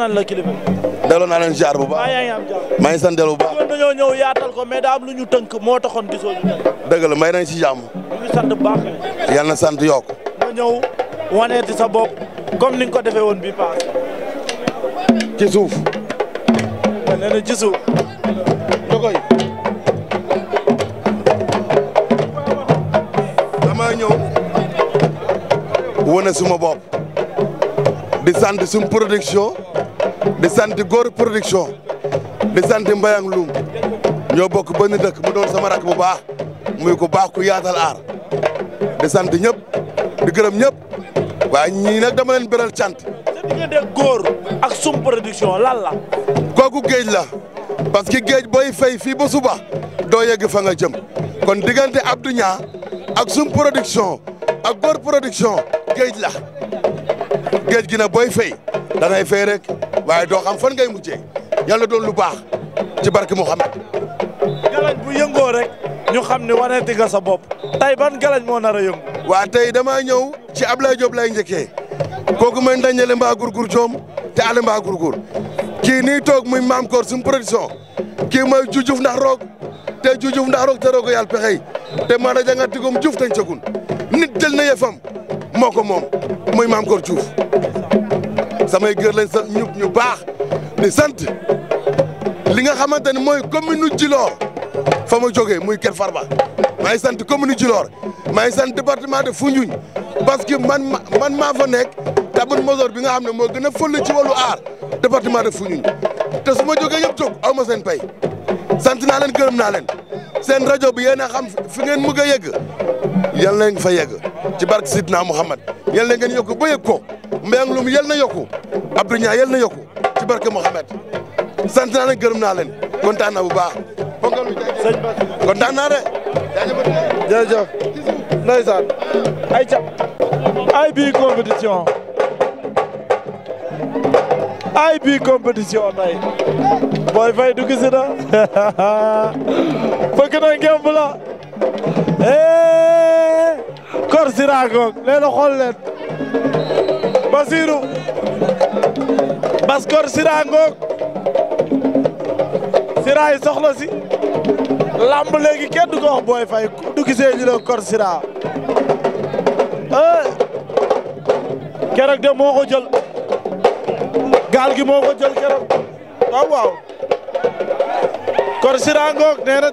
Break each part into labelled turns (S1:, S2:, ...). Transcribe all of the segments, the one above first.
S1: naan la kilifa. delloo naa leen ziar bu baax waaw yaa ngi am jàmm. maa ngi sant bu baax. dañoo ñëw yaatal ko mais daa am lu ñu tënk moo taxoon gisoo ñu
S2: tey. dëgg la may nañ si jàmm. ñu ngi sant bu baax. yal na sant yokk.
S1: nga ñëw waneeti sa bopp comme ni nga ko defee woon bi paas. ci suuf. nee na ci suuf. jokoy.
S2: dama ñëw. wane suma bopp. di sant suñu production. di sant góor production di sant Mbayang Loum ñoo bokk benn dëkk mu doon sama rakk bu baax muy ku baax ku yaatal aar di sant ñëpp di gërëm ñëpp waaye ñii nag dama leen beral cant. sa góor ak sum production lan la. kooku géej la parce que géej booy fay fii ba suba doo yegg fa nga jëm kon diggante Abdou Niang ak sum production ak góor production géej la géej gi na booy fay da ngay fay rek. waaye doo xam fan ngay mujjee yàlla doon lu baax ci barke Mouhamed. galañ bu yëngoo rek ñu xam ne waneeti nga sa bopp tey ban galañ moo nara yëngu. waa tey damaa ñëw ci Ablaye Diop lay njëkkee kooku mooy ndañale mbaa gurgur joom te ale mbaa gurgur kii nii toog muy maam koor suñu production kii mooy jujuf ndax roog te jujuf ndax roog te roog yàlla pexey te man da janga tigum juuf tañ cagun nit jël na yëfam mooko ko moom muy maam koor juuf samay gër lañ sant ñu ñu baax sant li nga xamante ni mooy commune nu Djilor fa ma jógee muy Kër Farba maa ngi sant commune Djilor maa ngi sant département de Foundiougne parce que man man maa fa nekk tabun mosoor bi nga xam ne moo gën a fël ci wàllu aar département de Foundiougne te su ma jógee yëpp jóg aw ma seen pay sant naa leen gërëm naa leen seen rajo bi yéen a xam fi ngeen mugg a yegg yal na ngeen fa yegg ci barke Sidna Muhammad yal na gan yokk ba yegg ko. Mbayang Loum yal na yokku Abdou Niang yal na yokku ci barke Mouhamed sant naa leen gërëm bu baax. kontaan naa de.
S1: ay ca ay bii compétition ay bii compétition tey booy fay du gis na fëkk na ngemb la eh, kor siragoog leena xool leen Basiru Baskor Sira ngoog Sira yi lamb léegi kenn du ko wax Boy Faye ku du gisee eh, de moo ko jël gaal gi moo ko jël keroog waaw waaw Kor Sira ngoog nee na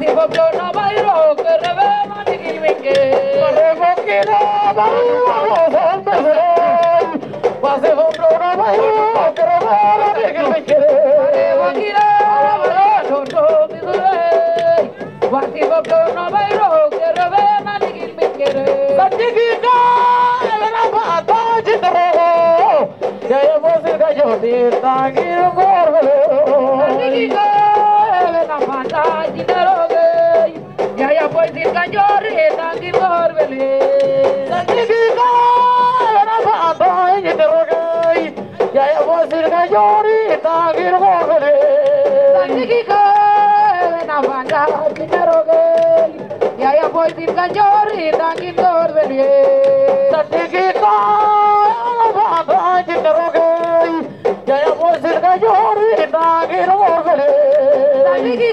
S3: si pueblo no bailó, que revela ni guimingue. Corremos que no bailamos al mejor. Pase pueblo no bailó, que revela ni guimingue. Corremos que no bailó, no mi dure. Pase pueblo no bailó, que revela ni guimingue. Santiquita, el alabato, chito. Ya hemos ido a llorar, tan y un gorro. Santiquita. Kajoore dangi boor wele dangi bi kaana fa baay ni terogay ya ya bo sir Kajoore dangi boor wele dangi ki kaana fa ga ni terogay ya ya bo sir Kajoore dangi boor wele dangi ki kaana fa baay ni terogay ya ya bo sir Kajoore dangi boor wele dangi ki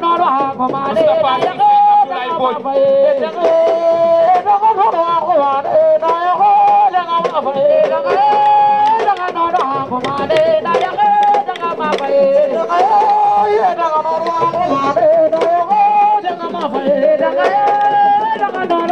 S3: noro hago
S1: mare na yego
S3: na yego na go noro hago mare na yego na go ma fae na go na go noro hago mare na yego na go ma fae na go ye na go noro hago mare na yego na go ma fae na go na go noro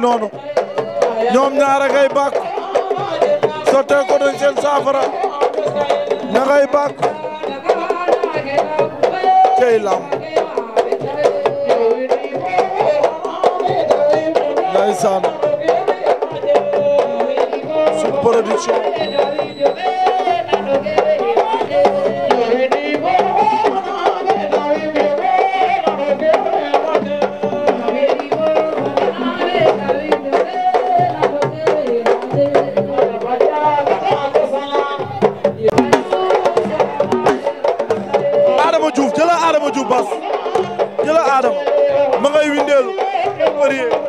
S1: ngi noonu ñoom ñaara ngay bàkk sottee ko dañ seen saafara ña ngay bàkk février